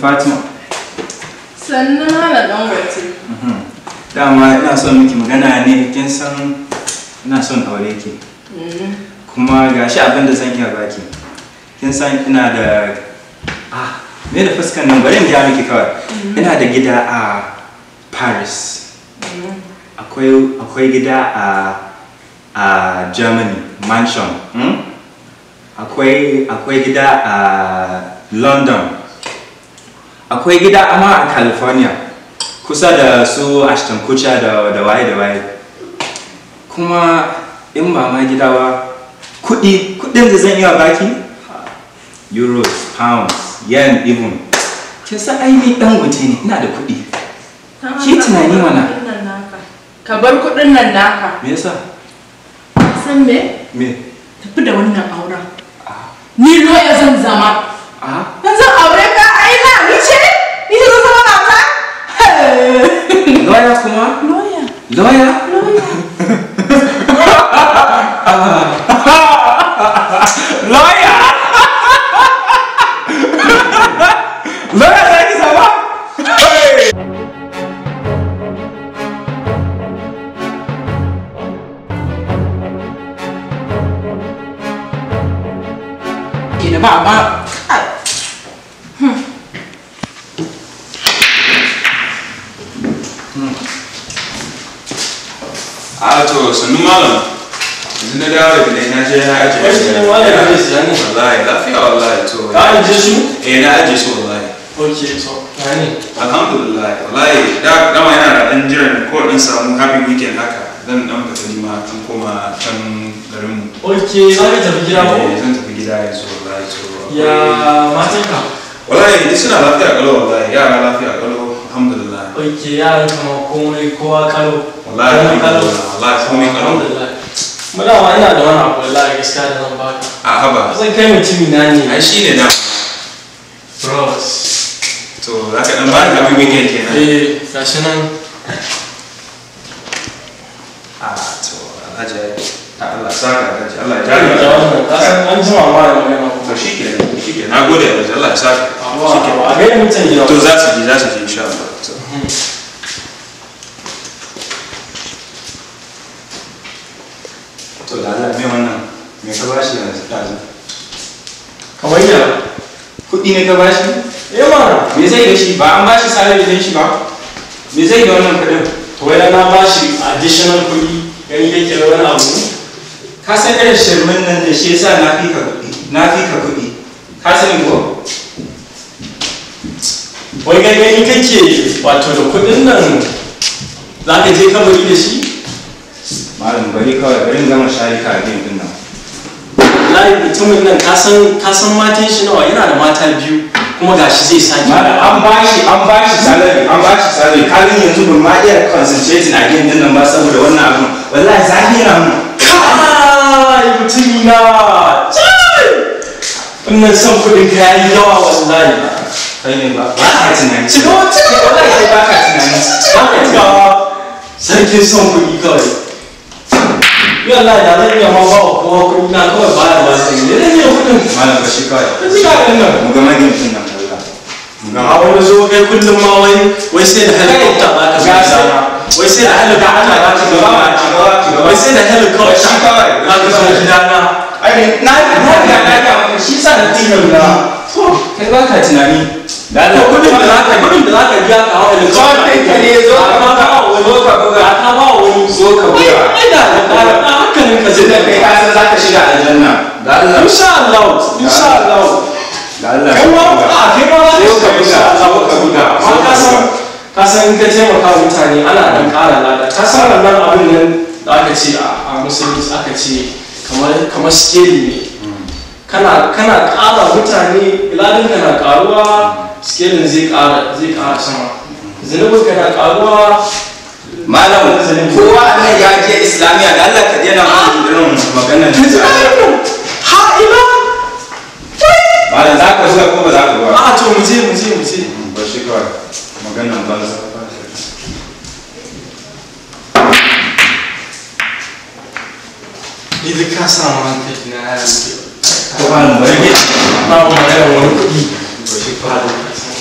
Fatima. Sannu Malam da mhm. Dama ina son miki magana ne kin san ina son aure ki. Mhm. Kuma gashi abin da zan iya baki. Kin san ina da ah me da fuskar nan bari in ga miki kawai. Mhm. Ina da gida a Paris. Akwai akwai gida a a Germany mansion. Hmm? Akwai akwai gida a London. akwai gida amma a california kusa da su ashton kucha da waye da waye kuma in ba ma gida ba kudi kudin da zan iya baki euros pounds yen even kin san ai ni dan waje ne ina da kudi ki tunani mana ka bar kudin nan naka me yasa san me me tafi da wannan auren ah. ni lawyer zan zama zan ah. aure Lawyer semua? Lawyer. Lawyer? Lawyer. Lawyer. Lawyer lagi sama? Hey. Ini apa? malam yanzu na dawo da gidan na je na aje shi ne malam ne sai wallahi lafiya wallahi to ka aje shi eh na aje shi wallahi okay so yani alhamdulillah wallahi da dama yana da dan jiran ko dan samu happy weekend haka zan dan fita ni ma tun koma can garin mu ok sai ka tafi gida ko eh, zan tafi gida yanzu wallahi to ya matan ka wallahi suna lafiya kalau wallahi yara lafiya kalau alhamdulillah ok yara kuma komai kowa kalau wallahi wallahi sun min karo mulawa ina da wani abu wallahi gaskiya da zan baka a haba zan kai mutumi na ne ai shine na bros to za ka dan bani abin weekend kenan eh gashi nan a to alhaji Allah saka alhaji Allah ya jari wannan an jima ma da magana to shikenan shikenan nagode alhaji Allah ya saka shikenan a ga mutan yau to za su ji za su ji insha Allah mhm. to da Allah mai wannan me ka bashi da Ka kawai ya kuɗi ne ka bashi eh ma me zai da shi ba an bashi salary zai shi ba me zai da wannan kuɗin to wai na bashi additional kuɗi yan yake wani abu ka san irin shirmin nan da shi sa na fi ka kuɗi ka san ka sani ko wai gani kake wato da kuɗin nan za ka je kabari da shi malam bari kawai bari gama shari ka din din nan wallahi mutumin nan ka san ka san matan shi nawa yana da mata biyu kuma ga shi zai sake ba. an bashi an bashi salari an bashi salari kalin yanzu ban ma iya concentrating a game din nan ba saboda wannan abu wallahi zafi na mu kai mutumi na wannan son kudin ka yayi yawa wallahi kai ne ba ba ka tunani shiga wata wallahi ba ka tunani ba ka tunawa sarkin son kuɗi kawai يلا يا لين يا ماما وكوكو ناكو بايا باسين لين يا كلهم مالا بشيكايا بشيكايا لنا مجمع جيم كنا مجمع أول زوج كل ما وي ويصير هليكوبتر ويصير هليكوبتر ويصير هليكوبتر بشيكايا لنا أي ناي ناي ناي ناي شيء سنة تيم لا كيف بقى تنامي لا لا كل ما لا كل ما لا كل ما أو هليكوبتر كل ما أو هليكوبتر أو هليكوبتر أو هليكوبتر hankalin ka zai kai ka san zaka shiga aljanna da Allah insha Allah insha Allah da Allah kai ma a ah, kai ma ba ka buga Allah ka buga ka san ka san ka taimaka mutane ana dan kara lada ka san wannan abin nan da aka ce a musulunci aka ce kamar kamar skeli ne hmm. kana kana mutane ladin ka na karuwa skelin zai kara zai ƙara sama hmm. ka na karuwa. malam kowa a nan ya je islamiyya da Allah ka daina mana maganar ha'ila malam za ka zuwa ko ba za ka a to mu je mu je mu je hmm, ba shi kawai maganar ka samu hankali na ko ba mu bari ba mu bari wani kuɗi ba shi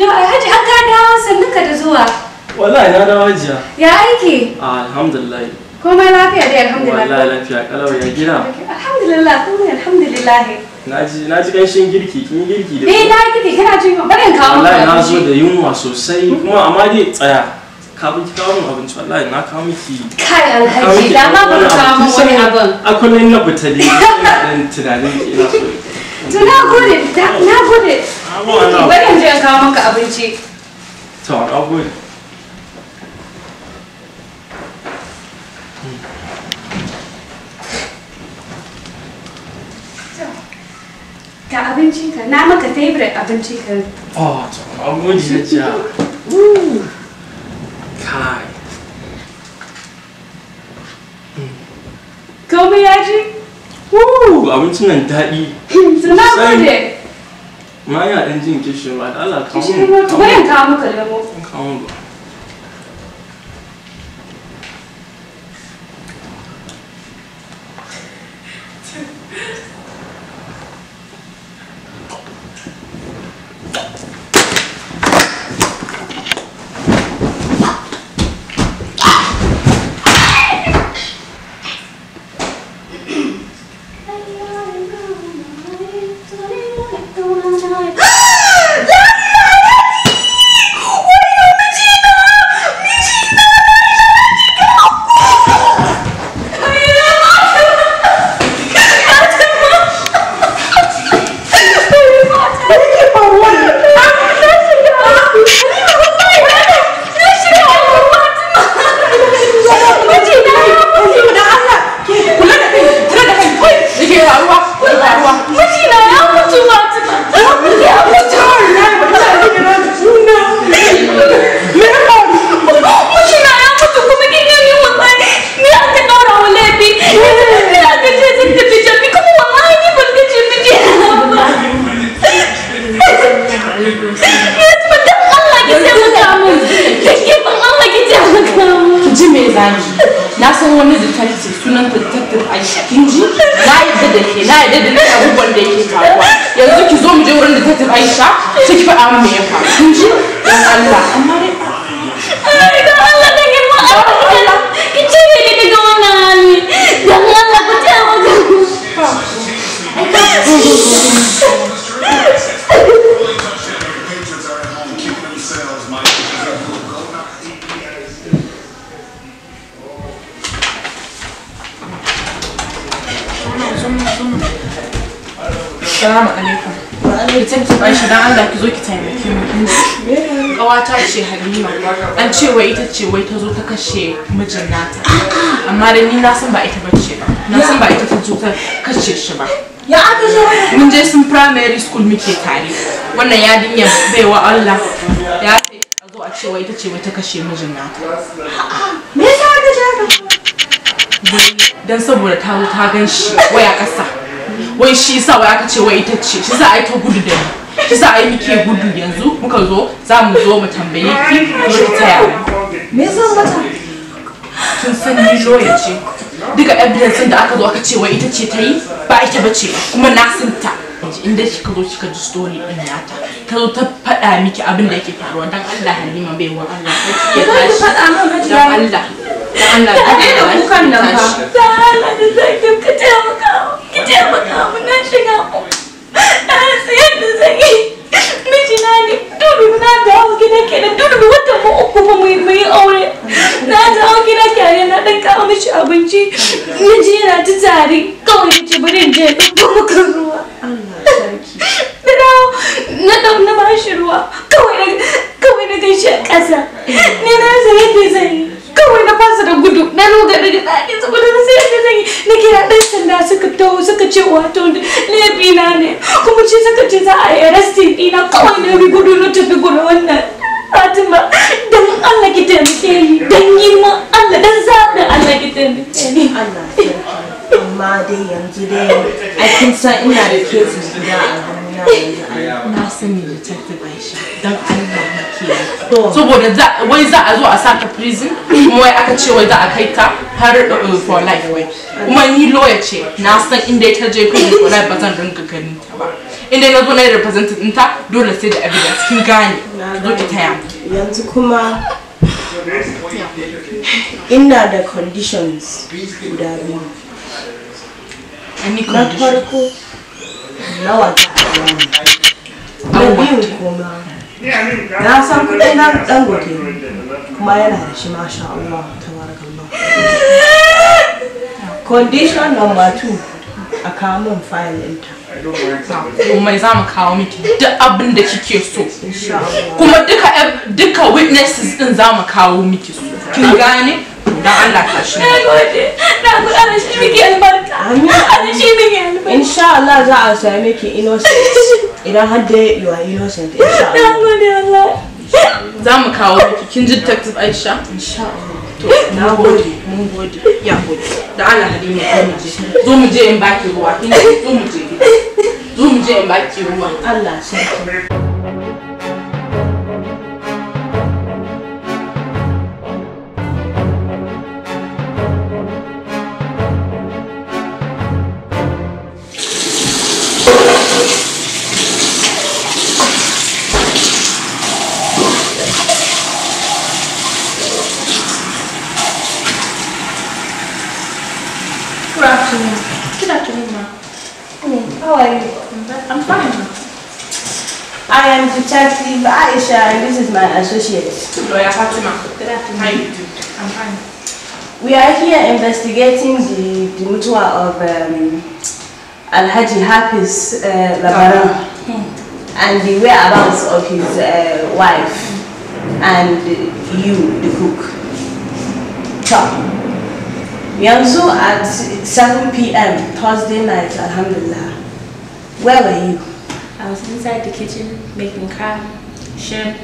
Yau ai haji an ka dawo sannu ka da zuwa. Wallahi na dawo hajiya. Ya aiki? Ah, alhamdulillah. Komai lafiya dai alhamdulillah. Wallahi lafiya kalau ya gina? Alhamdulillah komai alhamdulillah. Na ji na ganshin girki kin yi girki da. Eh na girki kana jin bari in kawo maka. Wallahi na zo da yunwa sosai kuma amma dai tsaya. Ka bi ki kawo min abinci wallahi na kawo miki. Kai alhaji da ma ba kawo min wani abin. Akwai na butali. Dan tunanin ina so. To na gode na gode. Bari je kawo maka abinci. To, na abincinka, na maka favorite abincinka. Oh, to, na gode da ja. Kai. Komai ya ji? Abincin nan daɗi. Suna gode. ma yana ɗan jin kishin ba da Allah kawo mu. Kishin ruwa to kawo maka lemo. Kawo mu ba. na yadda da ke na yadda da duk abubuwan da yake faruwa yanzu ki zo mu je wurin detective aisha sai ki faɗa mun me ya faru kin ji dan allah amma dai dan allah dan girma allah ki cire ni daga wannan hali dan allah ku taimaka Salamu dan Allah ki ki taimake mu. ce Halima. An ce ita ce wai ta ta kashe mijin nata. Amma da ni na san ba ita bace ba. Na san ba ita ta zo ta kashe shi ba. Mun je sun primary school muke tare. Wannan yarinya baiwa Allah. Ya ce a zo a ce ita ce wai ta kashe saboda ta ta gan shi waya ƙasa. wai shi sa wai aka ce wai ita ce shi sa ai ta gudu da ni shi sa ai muke gudu yanzu muka zo za mu zo mu tambaye ki zo ki taya me yasa mata kin san ni joya ce duka evidence da aka zo aka ce wai ita ce ta yi ba ita bace kuma na san ta inda kika zo kika ji story din nata ta zo ta faɗa miki abin da yake faruwa dan Allah Halima bai wa Allah ya tashi faɗa min hajiya Allah dan Allah da kukan nan fa dan Allah da zai kika taimaka taimaka min na shiga na rasa yadda yi mijina ne dudu na dawo gida wata yi aure gida kenan na ta kawai ya ruwa na dawo na ɗau na bashi ruwa kawai na gaishe ƙasa ne na rasa yadda zan yi kawai na fasa da gudu na ruga da ɗakin saboda na sai da zan yi na kira ɗan sanda suka taho suka ce wato laifina ne kuma ce suka ce za a yi arrestin ɗina kawai na bi gudu na tafi gudu wannan Fatima dan Allah ki taimake ni dan yi ma Allah dan zaɓin Allah ki taimake ni Allah amma dai yanzu dai a kin san ina da kesi gida a hannuna yanzu na sani da tafi shi don Allah ke saboda wai za a zo a saka prison kuma wai aka ce wai za a kai ka har uh, for life wai kuma ni lawyer ce na san inda ta je prison for life ba zan dinga ganin ta ba inda na zo na yi representant ɗinta dole sai da evidence kin gane zo ki taya yanzu kuma ina da conditions guda biyu na farko nawa ta Aliyu kuma na san kuɗi na dangote kuma yana da shi masha Allah tabarakallah. Condition number two a kawo min fayil ɗinta. mai za mu kawo miki duk abin da kike so kuma duka duka witnesses din za mu kawo miki so, kin gane dan Allah ka shi na gode na gode shi miki albarka insha Allah za a same ki innocent idan har dai you are innocent insha Allah za mu kawo miki kin ji detective Aisha insha Allah to na gode mun gode ya gode da Allah Halima ko mu je zo mu je in baki ruwa kin zo mu je zo mu je in baki ruwa Allah sai are you? I'm fine. I am Detective Aisha and this is my associate. Lawyer Fatima. Good afternoon. How you do? I'm fine. We are here investigating the, the mutua of um, Alhaji Hafiz uh, Labaran hmm. and the whereabouts of his uh, wife and you, the cook. Chop. Yanzu at 7 p.m. Thursday night, Alhamdulillah. Where were you? I was inside the kitchen making crab, shrimp,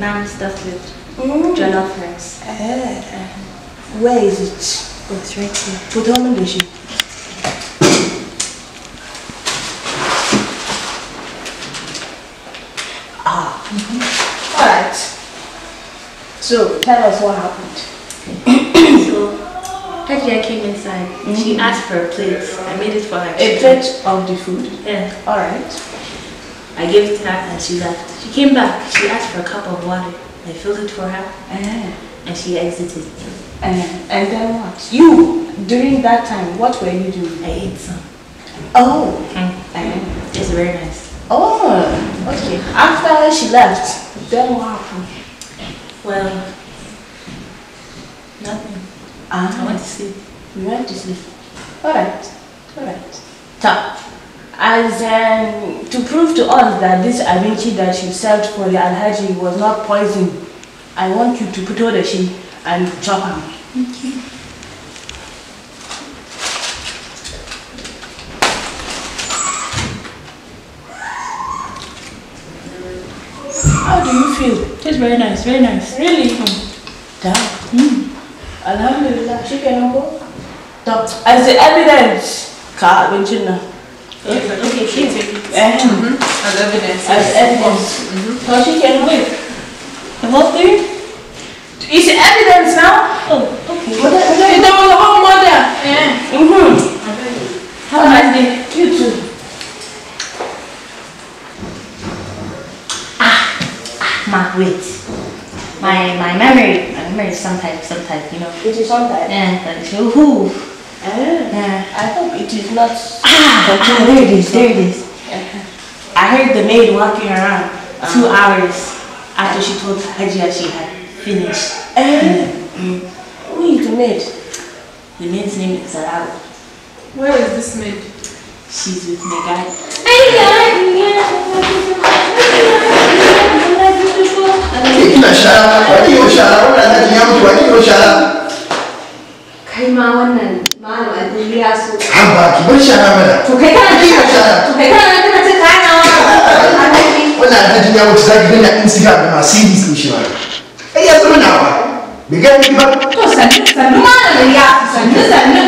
lamb stuffed with mm. jollof rice. Uh, uh, where is it? Oh, it's right here. Put on the dish. Ah. Mm -hmm. All right. So tell us what happened. Actually, I came inside. Mm -hmm. She mm-hmm. asked for a plate. I made it for her. A plate of the food? Yeah. All right. I gave it to her and she left. She came back. She asked for a cup of water. I filled it for her. Uh -huh. And she exited. Uh -huh. and then what? You, during that time, what were you doing? I ate some. Oh. Mm. Mm-hmm. Uh -huh. It's very nice. Oh, okay. After she left, then what happened? Well, Ah. I want to sleep. You want to sleep. All right. All right. Ta. As um, to prove to us that this Abinchi that you served for the Alhaji was not poison, I want you to put all the sheep and chop him. Okay. How do you feel? It's very nice, very nice. Really? Mm. Damn. Alhamdulillah, shi kenan ko? To, as the evidence ka abincin nan. Okay, shi ce. Uh-huh. Mm-hmm. As evidence. As evidence. To mm-hmm. she can wait. The whole thing? Is the evidence now? Oh, okay. Ita wani whole mother. Yeah. Mm-hmm. How a nice day. You too. Ah, ah, ma, wait. My, my memory maybe some type, some type, you know. It is on type? Yeah, that is. Who? Ah. yeah. I hope it is not. Ah, there it is, there it is. I heard the maid walking around um, two uh-huh. hours after she told Hajia she had finished. Eh? Mm. Mm. Who is the maid? The maid's name is Zarawa. Where is this maid? She's with my guy. Yeah, ke ina shara wani yau shara wannan alhaji ya mutu wani yau shara kai ma wannan malam alhaji ya so ha ba ki bar shara mana to kai kana kina shara to kai kana kana ta kana wannan alhaji ya mutu zaki dinga in siga da masu yi sun shi ba ai ya zama nawa bai ga ni ba to sannu sannu malam ya sannu sannu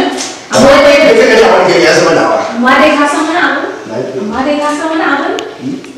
amma dai da kaga da wani ya zama nawa amma dai ka san wani abu amma dai ka san wani abu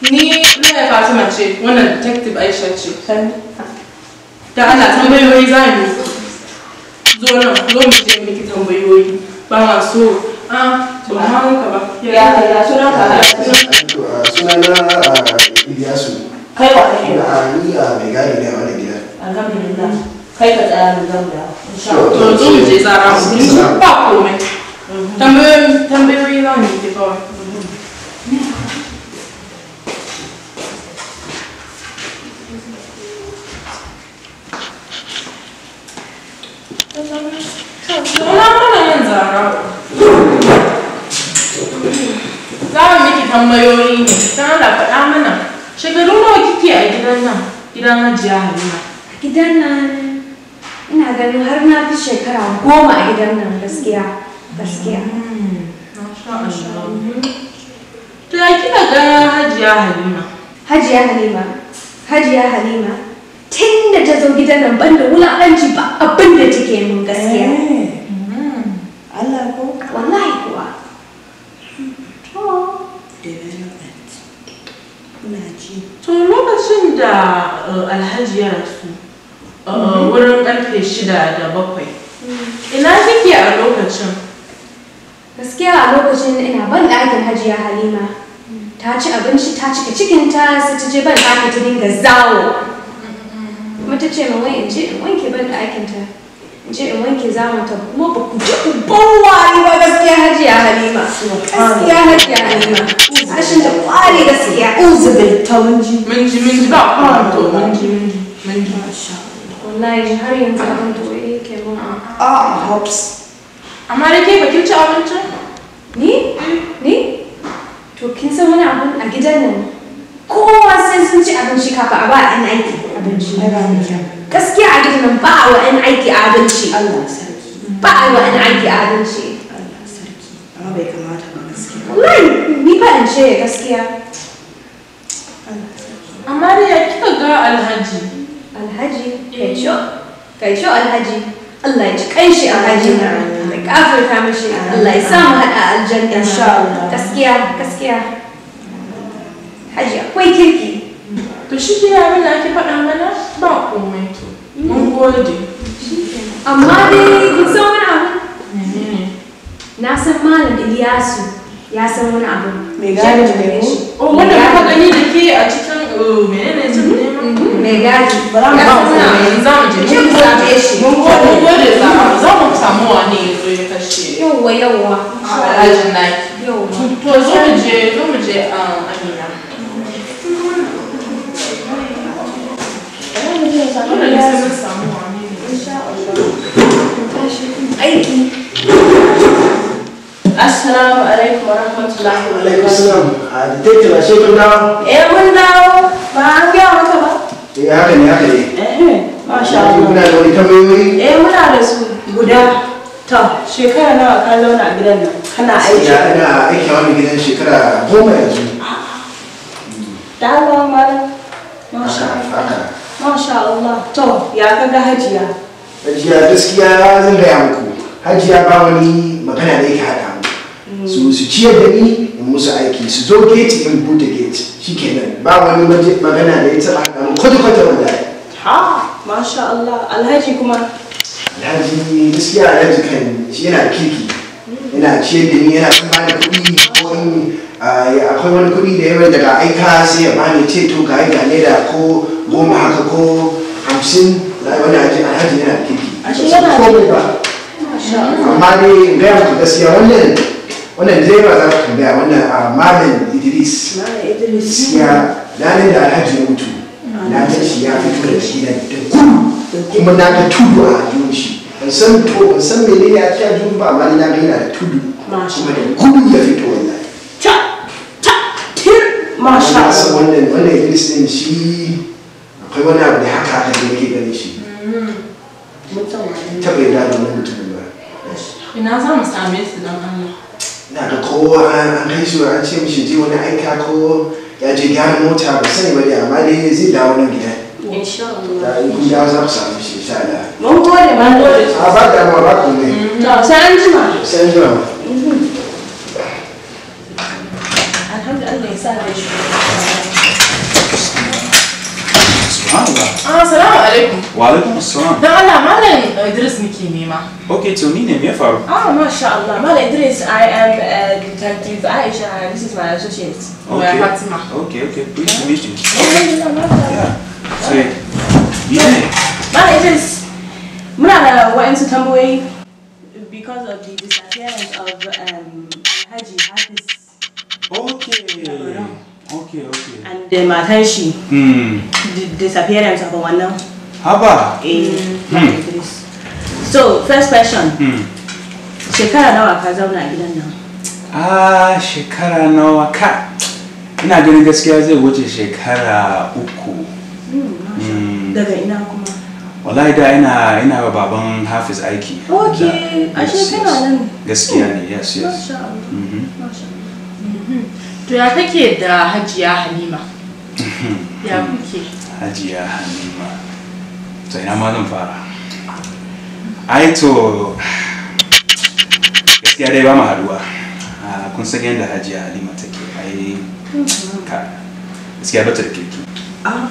Ni Iyaye Fatima ce, wannan Detective Aisha ce. Da Allah tambayoyi za mu zo nan, zo mu je miki tambayoyi. Ba ma so, a ba ma ka ba. Ya ya suna ka. Suna na Iliyasu. Kai wa kake? Na ni a mai gari da wani gida. Alhamdulillah. Kai ka tsaya mu zan da. To zo mu je tsara mu. Ba komai. Tambayoyi za mu yi kawai. tambayoyi ne don da faɗa mana shekaru nawa kike a gidan nan gidan hajiya halima a gidan nan ina ganin har na fi shekara goma a gidan nan gaskiya gaskiya hmm, to ya kika ga hajiya halima hajiya halima hajiya halima tun da ta zo gidan nan ban da wulaƙanci ba abin da take min gaskiya eh, alhaji ya rasu uh, mm-hmm. wurin karfe shida da bakwai mm. ina kike a lokacin gaskiya a lokacin ina ban ɗakin hajiya halima ta ci abinci ta cika cikinta sai ta je ban ɗakin ta dinga zawo kuma ta ce mawai in je in wanke ban ɗakin ta in je in wanke zawon ta kuma ba ku ji uban wayi ba gaskiya hajiya halima gaskiya hajiya halima عشان تبغالي gaskiya انزبل تو منجي منجي منجي ba منجي منجي منجي ما شاء الله والله har yanzu abin to eh ke mun a ah, hops amma da ke bakin ci abinci ni ni to kin san a gidan nan kowa sai sun ci abinci kafa a ba ɗan aiki abinci na ba mu gaskiya a gidan ba a wa ɗan aiki abinci Allah sarki ba a wa aiki abinci Allah sarki kamata ba ni ba in ce gaskiya amma da ya kika ga alhaji alhaji kai eh. sho kai sho alhaji Allah ya ci kai alhaji na da kafirta mashi Allah ya sa mu hada aljanna gaskiya gaskiya haji akwai kirki to shi ke abin ba komai mm. san ya san wani abu mai gadi ne ko oh, wanda muka gani da ke a cikin oh, menene mhm. ne mhm. mai mhm. gadi ba za mu ba mu za mu je mun gode shi mun gode mun gode za mu za mu samu wani ya zo ya kashe yawwa yawwa alhajin naki to zo mu je zo mu je um, amina Thank you. Assalamu alaikum wa rahmatullahi wa barakatuh. Ah, a detective a shekun dawo? Eh mun dawo. Ba an gaya maka ba? Eh haka ne haka ne. Eh masha Allah. Kuna da wani tambayoyi? Eh muna da su guda. To shekara nawa ka zauna a gidan nan? Kana aiki? Ya ina aiki a wani gidan shekara goma yanzu. Da Allah malam. Masha Allah. Masha Allah. To ya kaga hajiya? Hajiya gaskiya zan gaya muku. Hajiya ba wani magana da yake haɗa su su ciyar da ni in musu aiki su zo gate in bude shi kenan ba wani magana da ya taba haka kwata-kwata wallahi ha masha Allah alhaji kuma alhaji gaskiya alhaji kan shi yana kirki yana ciyar da ni yana kuma da kuɗi ko in eh, akwai wani kuɗi da yawa daga aika sai ya bani ce to ga ne da ko goma haka ko hamsin wani alhaji yana kirki. Ashe yana ba. Amma dai gaya muku gaskiya wannan wannan ba za ka tambaya wannan a ah, malin idris siya lalai da alhaji ya mutu ah. na ta shi ya fito da shi da kuma kuma na ta tudu a hajjiyar shi ban san to ban san mai ne a ta hajjiyar ba amma na ga da tudu kuma da gudu ya fito wallahi ta ta tir masha Allah wannan wannan idris din shi akwai wani abu da haka haka mm-hmm. da yake gani shi ta bai da wani mutum ba ina za mu same su don Allah na ga kowa an kai shi an ce mishi je wani aika ko ya je gyara mota ba sani ba dai amma dai zai dawo nan gida insha Allah ya za ku samu shi insha Allah mun gode mun gode a ba da ma ba ku ne mm-hmm. to sai an jima sai an jima mm-hmm. alhamdulillah ya sa da shi اه السلام عليكم وعليكم السلام لا لا ما لا ادريس نكيميما اوكي تو مين ام يفر اه ما شاء الله ما لا ادريس اي ام detective Aisha and this is my associate okay okay okay please yeah. meet you yeah say yeah ما لا ادريس من على وين تنبوي because of the disappearance of um, Haji Hafiz okay Okay, okay. And the matan shi. Mm. The disappearance of wannan. Haba. Eh, mm. So, first question. Hmm. Shekara nawa ka zauna a gidan nan? Ah, shekara nawa ka. Ina ganin gaskiya zai wuce shekara uku. Hmm, hmm. Daga ina kuma? wallahi da ina ina wa baban hafiz aiki okay ashe kana nan gaskiya ne yes yes masha to ya kake da hajiya halima ya kuke hajiya halima to ina ma zan fara ai to gaskiya dai ba mu haduwa kun san yadda hajiya halima take ai ka gaskiya ba ta da kirki ah,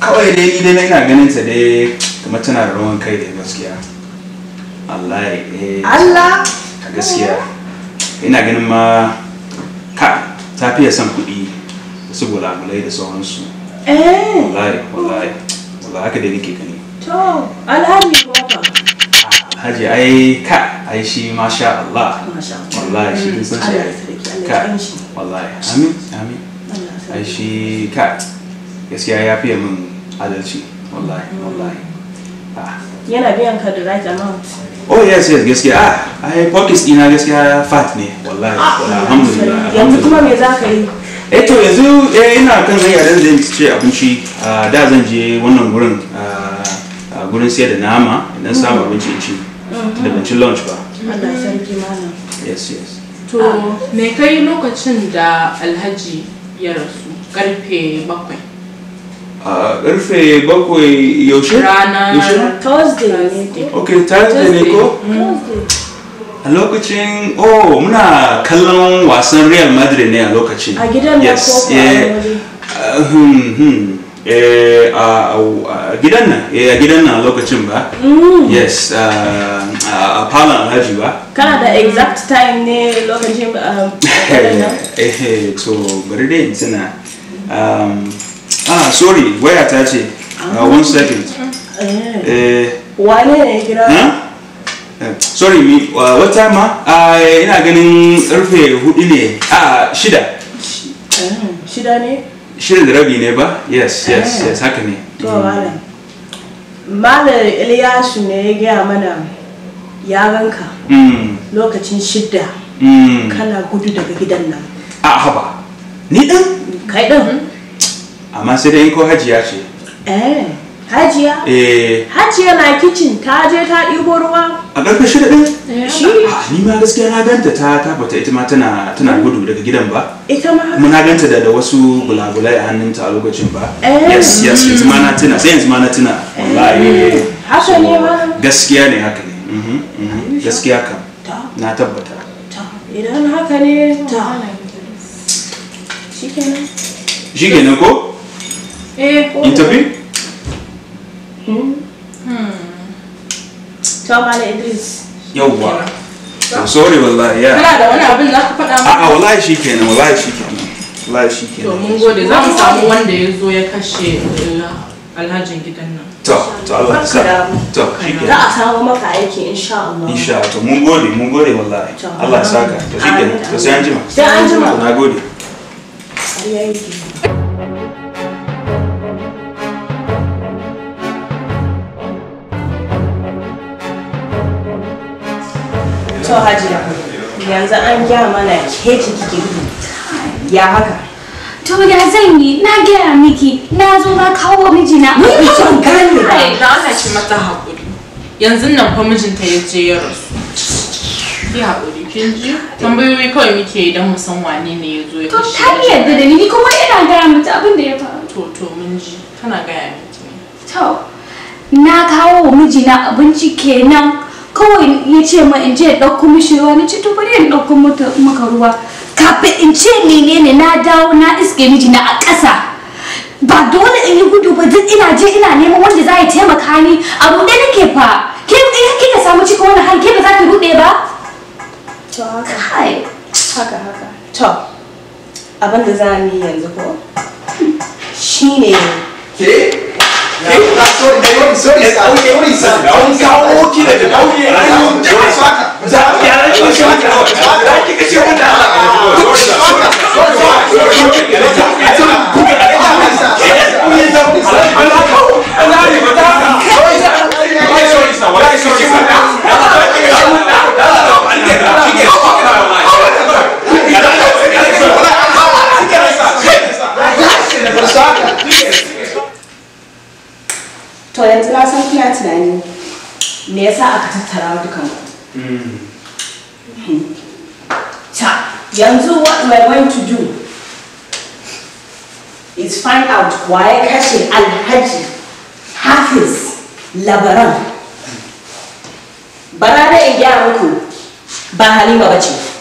kawai dai ni dai ina ganin ta dai kuma tana da rawan kai dai gaskiya Allah ya eh. Allah gaskiya ina ganin ma ka ta fiye son kuɗi da su gulagulai da sauransu eh wallahi wallahi wallahi haka dai nake gani to alhaji kuma fa ah, alhaji ai ka ai shi masha Allah wallahi shi kin san shi ka wallahi amin amin ai shi ka gaskiya ya fiye min adalci wallahi wallahi ah. yana biyan ka da right amount oh yes yes gaskiya ah ai pockets ina gaskiya fat ne wallahi ah, alhamdulillah yanzu kuma me za ka yi eh to yanzu eh, ina kan zai dan zan ci abinci ah, da zan je wannan gurin ah, gurin sayar da nama dan samu mm-hmm. abinci in ci mm-hmm. da bincin lunch ba Allah sarki malam yes yes to me kai lokacin da alhaji ya rasu karfe bakwai a karfe bakwai e yaushe ranar thursday ok thursday ne ko a lokacin oh muna kallon wasan real madrid ne a lokacin a gidan yes eh, a gidan nan a gidan nan lokacin ba hmm. yes a palan alhaji ba kana da exact time ne lokacin ba um, to eh, eh, bari dai tuna um, ah sorry waya ta ce a ah. ah, one second eh. Eh. wane ne kira eh, sorry wata ma ah, ina ganin rufe hudu ne a shida shida ne shida da rabi ne ba yes yes yes haka ne to malam malam ne ya gaya mana ya ganka hmm. lokacin shidda hmm. kana gudu daga gidan nan a haba ni din kai din amma sai dai ko hajiya ce eh hajiya eh hajiya na kicin ta je ta ɗibo ruwa a ƙarfe shida ɗin eh, shi ah, ni ma gaskiya na ganta ta tabbata ita ma tana tana hmm. gudu daga gidan ba ita ma kuma na ganta da wasu bulabulai a hannunta a lokacin ba eh, yes yes hmm. yanzu ma na tuna sai yanzu ma na tuna eh, wallahi haka ne ma gaskiya ne haka ne mhm, mhm. gaskiya kam na tabbata idan haka ne ta shi kenan ko Eh, Interview? Hmm. Tawa Idris. Yawwa. I'm sorry wallahi Yeah. da wani abin za ka faɗa mana? A'a ah, ah, wallahi shikenan wallahi shikenan. Wallahi shikenan. To mun gode za mu samu wanda ya zo ya kashe alhajin gidan nan. To, to Allah ya sa. To, shikenan. Za a samu maka aiki insha Allah. Insha Allah. mun gode mun gode wallahi. Allah ya saka. To shikenan. To sai an jima. Sai an jima. Na gode. Sai to hajiya yanzu an gya mana ke kike ya haka to ya zan yi na gaya miki na zo na kawo mijina ni ba zan gane ba da Allah ki mata hakuri yanzu nan fa mijinta ya je ya rasu ki hakuri kin ji tambayoyi kawai muke idan mu san wane ne ya zo ya to ta yadda da ni kuma ina gaya mata abin da ya faru to to mun ji tana gaya miki to na kawo wa mijina abinci kenan kawai ya ce ma in je ɗauko mishi ruwa ni ce bari in ɗauko maka ruwa kafin in ce menene na dawo na iske mijina a ƙasa ba dole in yi gudu ba duk ina je ina neman wanda za ya taimaka ni a ruɗe nake fa ke kika samu cikin wani hali ke ba za ki ruɗe ba to haka haka haka to abin da za mu yi yanzu ko shine ke ke na so da yau so da yau tunanin me yasa aka tattara dukan ku hmm. ta yanzu what we are going to do is find out waye kashe alhaji hafiz labaran bara da ya gyara muku ba halima ba ce